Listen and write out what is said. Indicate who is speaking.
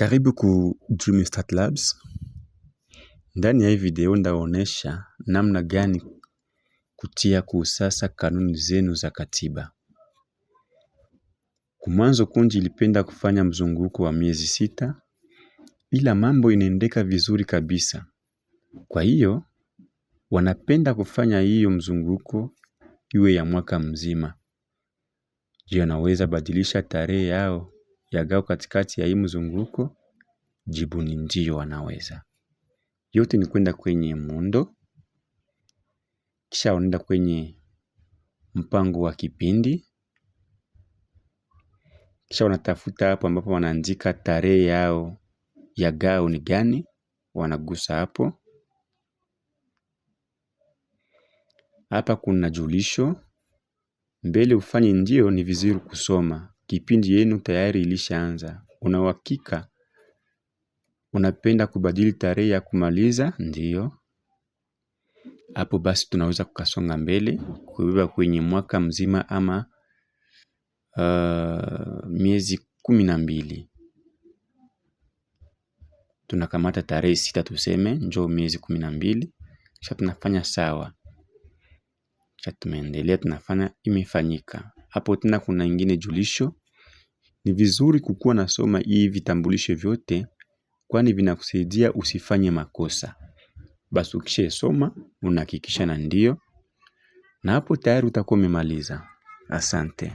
Speaker 1: Karibu ku Dream Start Labs. Ndani ya hii video ndaonesha namna gani kutia kuusasa kanuni zenu za katiba. Kumwanzo kunji ilipenda kufanya mzunguko wa miezi sita, ila mambo inaendeka vizuri kabisa. Kwa hiyo, wanapenda kufanya hiyo mzunguko iwe ya mwaka mzima. Je, anaweza badilisha tarehe yao gao katikati ya hii mzunguko? Jibu ni ndio, wanaweza. Yote ni kwenda kwenye muundo, kisha wanaenda kwenye mpango wa kipindi, kisha wanatafuta hapo ambapo wanaandika tarehe yao ya gao ni gani, wanagusa hapo. Hapa kuna julisho, mbele ufanye ndio ni vizuri kusoma Kipindi yenu tayari ilishaanza. Una uhakika unapenda kubadili tarehe ya kumaliza? Ndiyo. Hapo basi tunaweza kukasonga mbele kubeba kwenye mwaka mzima ama ah, miezi kumi na mbili. Tunakamata tarehe sita tuseme njoo miezi kumi na mbili. Kisha tunafanya sawa. Kisha tumeendelea tunafanya imefanyika. Hapo tena kuna ingine julisho ni vizuri kukuwa nasoma hii vitambulisho vyote kwani vinakusaidia usifanye makosa. Basi soma unahakikisha na ndio na hapo tayari utakuwa umemaliza. Asante.